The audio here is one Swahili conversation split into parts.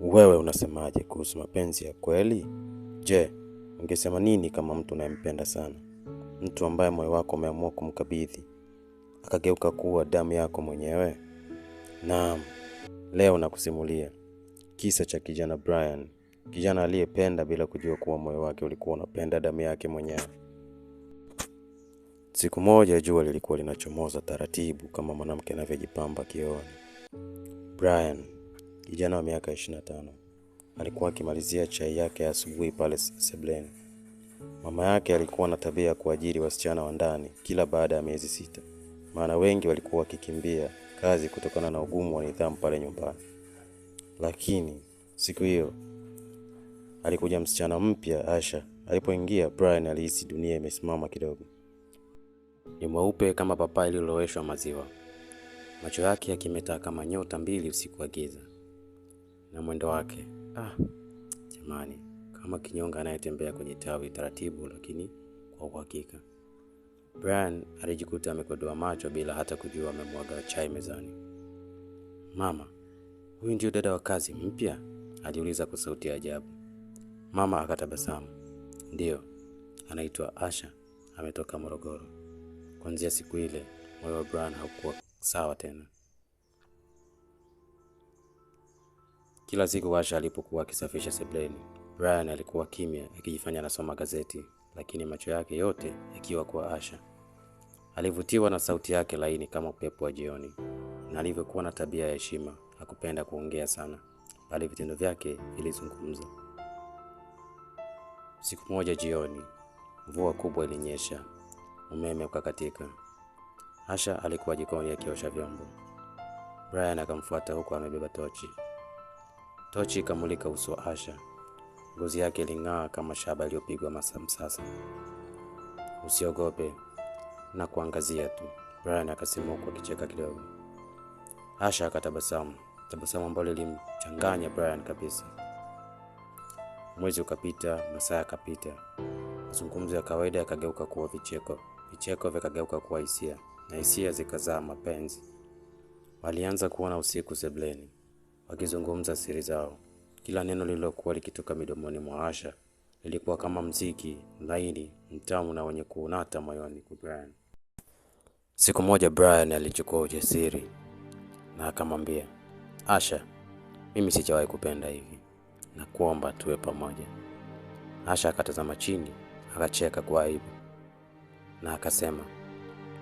Wewe unasemaje kuhusu mapenzi ya kweli? Je, ungesema nini kama mtu unayempenda sana, mtu ambaye moyo wako umeamua kumkabidhi akageuka kuwa damu yako mwenyewe? Naam, leo nakusimulia kisa cha kijana Brian, kijana aliyependa bila kujua kuwa moyo wake ulikuwa unapenda damu yake mwenyewe. Siku moja jua lilikuwa linachomoza taratibu kama mwanamke anavyojipamba kioni. Brian kijana wa miaka 25 alikuwa akimalizia chai yake ya asubuhi pale sebleni. Mama yake alikuwa na tabia ya kuajiri wasichana wa ndani kila baada ya miezi sita, maana wengi walikuwa wakikimbia kazi kutokana na ugumu wa nidhamu pale nyumbani. Lakini siku hiyo alikuja msichana mpya Asha. Alipoingia, Brian alihisi dunia imesimama kidogo. Ni mweupe kama papai lililoweshwa maziwa, macho yake yakimeta kama nyota mbili usiku wa giza na mwendo wake. Ah, jamani, kama kinyonga anayetembea kwenye tawi taratibu, lakini kwa uhakika. Brian alijikuta amekodoa macho bila hata kujua amemwaga chai mezani. Mama, huyu ndio dada wa kazi mpya? aliuliza kwa sauti ya ajabu. Mama akatabasamu. Ndiyo, anaitwa Asha, ametoka Morogoro. kwanzia siku ile moyo wa Brian haukuwa sawa tena. Kila siku Washa alipokuwa akisafisha sebleni, Brian alikuwa kimya akijifanya anasoma gazeti, lakini macho yake yote yakiwa kwa Asha. Alivutiwa na sauti yake laini kama upepo wa jioni na alivyokuwa na tabia ya heshima. Hakupenda kuongea sana, bali vitendo vyake vilizungumza. Siku moja jioni, mvua kubwa ilinyesha, umeme ukakatika. Asha alikuwa jikoni akiosha vyombo. Brian akamfuata huku amebeba tochi. Tochi ikamulika uso wa Asha. Ngozi yake iling'aa kama shaba iliyopigwa masamsasa. Usiogope na kuangazia tu, Brian akasema huku akicheka kidogo. Asha akatabasamu, tabasamu ambalo lilimchanganya Brian kabisa. Mwezi ukapita, masaa yakapita, mazungumzo ya kawaida yakageuka kuwa vicheko, vicheko vikageuka kuwa hisia, na hisia zikazaa mapenzi. Walianza kuona usiku sebleni wakizungumza siri zao. Kila neno lililokuwa likitoka midomoni mwa Asha lilikuwa kama mziki laini, mtamu na wenye kuunata moyoni kwa Brian. Siku moja Brian alichukua ujasiri na akamwambia Asha, mimi sijawahi kupenda hivi na kuomba tuwe pamoja. Asha akatazama chini, akacheka kwa aibu na akasema,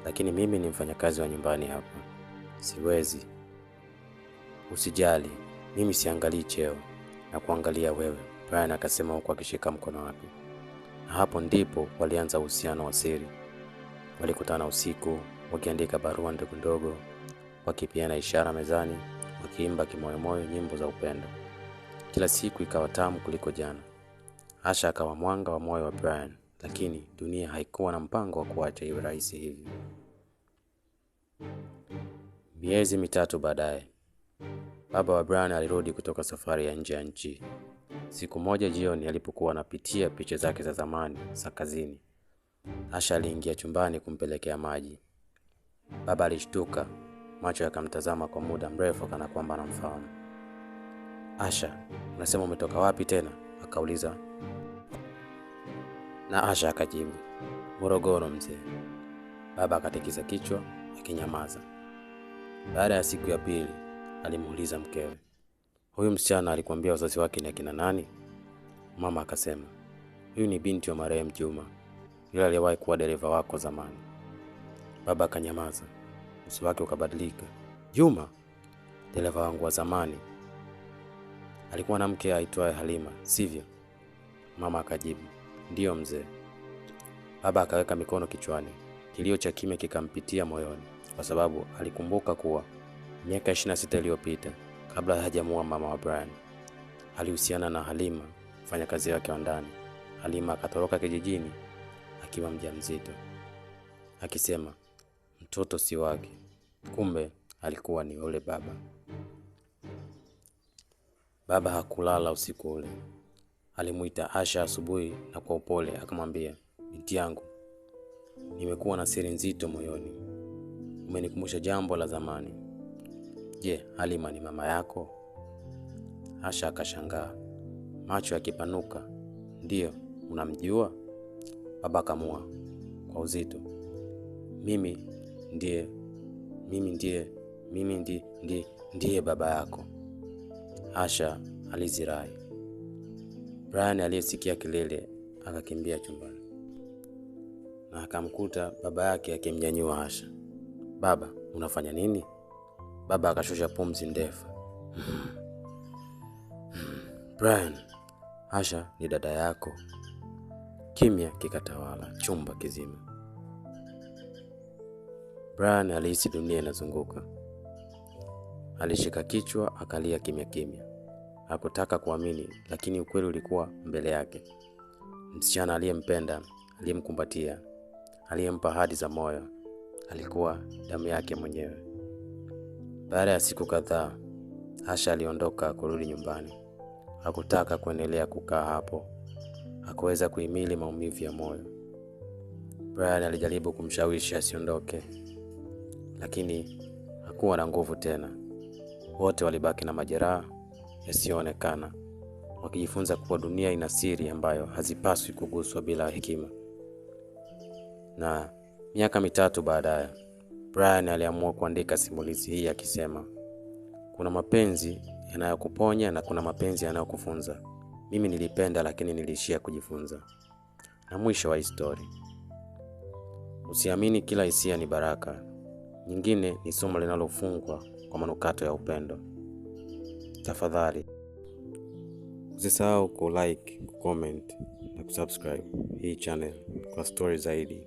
lakini mimi ni mfanyakazi wa nyumbani hapa, siwezi. Usijali, mimi siangalii cheo na kuangalia wewe, brian akasema huku akishika mkono wake. Na hapo ndipo walianza uhusiano wa siri. Walikutana usiku, wakiandika barua ndogo ndogo, wakipiana ishara mezani, wakiimba kimoyomoyo nyimbo za upendo. Kila siku ikawa tamu kuliko jana. Asha akawa mwanga wa moyo wa Brian, lakini dunia haikuwa na mpango wa kuacha iwe rahisi hivi. Miezi mitatu baadaye Baba wa Brian alirudi kutoka safari ya nje ya nchi. Siku moja jioni, alipokuwa anapitia picha zake za zamani za kazini, Asha aliingia chumbani kumpelekea maji. Baba alishtuka, macho yakamtazama kwa muda mrefu, kana kwamba anamfahamu. Asha, unasema umetoka wapi tena? akauliza, na Asha akajibu, Morogoro mzee. Baba akatikisa kichwa akinyamaza. Baada ya siku ya pili alimuuliza mkewe. Huyu msichana alikwambia wazazi wake ni akina nani? Mama akasema, huyu ni binti wa marehemu Juma, yule aliyewahi kuwa dereva wako zamani. Baba akanyamaza, uso wake ukabadilika. Juma, dereva wangu wa zamani, alikuwa na mke aitwaye Halima, sivyo? Mama akajibu, ndiyo mzee. Baba akaweka mikono kichwani, kilio cha kimya kikampitia moyoni, kwa sababu alikumbuka kuwa Miaka 26 iliyopita kabla hajamua mama wa Brian, alihusiana na Halima, kufanya kazi wake wa ndani. Halima akatoroka kijijini akiwa mjamzito, akisema mtoto si wake, kumbe alikuwa ni yule baba. Baba hakulala usiku ule, alimuita Asha asubuhi na kwa upole akamwambia, binti yangu, nimekuwa na siri nzito moyoni, umenikumbusha jambo la zamani Je, Halima ni mama yako? Asha akashangaa, macho yakipanuka. Ndiyo, unamjua? Baba kamua kwa uzito, mimi ndiye, mimi ndiye, mimi ndi, ndi, ndiye baba yako. Asha alizirai. Brian aliyesikia kilele akakimbia chumbani na akamkuta baba yake akimnyanyua Asha. Baba, unafanya nini? Baba akashusha pumzi ndefu. Brian, Asha ni dada yako. Kimya kikatawala chumba kizima. Brian alihisi dunia inazunguka. Alishika kichwa akalia kimya kimya. Hakutaka kuamini, lakini ukweli ulikuwa mbele yake. Msichana aliyempenda, aliyemkumbatia, aliyempa hadi za moyo, alikuwa damu yake mwenyewe. Baada ya siku kadhaa, Asha aliondoka kurudi nyumbani. Hakutaka kuendelea kukaa hapo, hakuweza kuhimili maumivu ya moyo. Brian alijaribu kumshawishi asiondoke, lakini hakuwa na nguvu tena. Wote walibaki na majeraha yasiyoonekana, wakijifunza kuwa dunia ina siri ambayo hazipaswi kuguswa bila hekima. Na miaka mitatu baadaye Brian aliamua kuandika simulizi hii akisema, kuna mapenzi yanayokuponya na kuna mapenzi yanayokufunza. Mimi nilipenda, lakini niliishia kujifunza. Na mwisho wa histori. Usiamini kila hisia ni baraka, nyingine ni somo linalofungwa kwa manukato ya upendo. Tafadhali usisahau ku like, ku comment na kusubscribe hii channel kwa stori zaidi.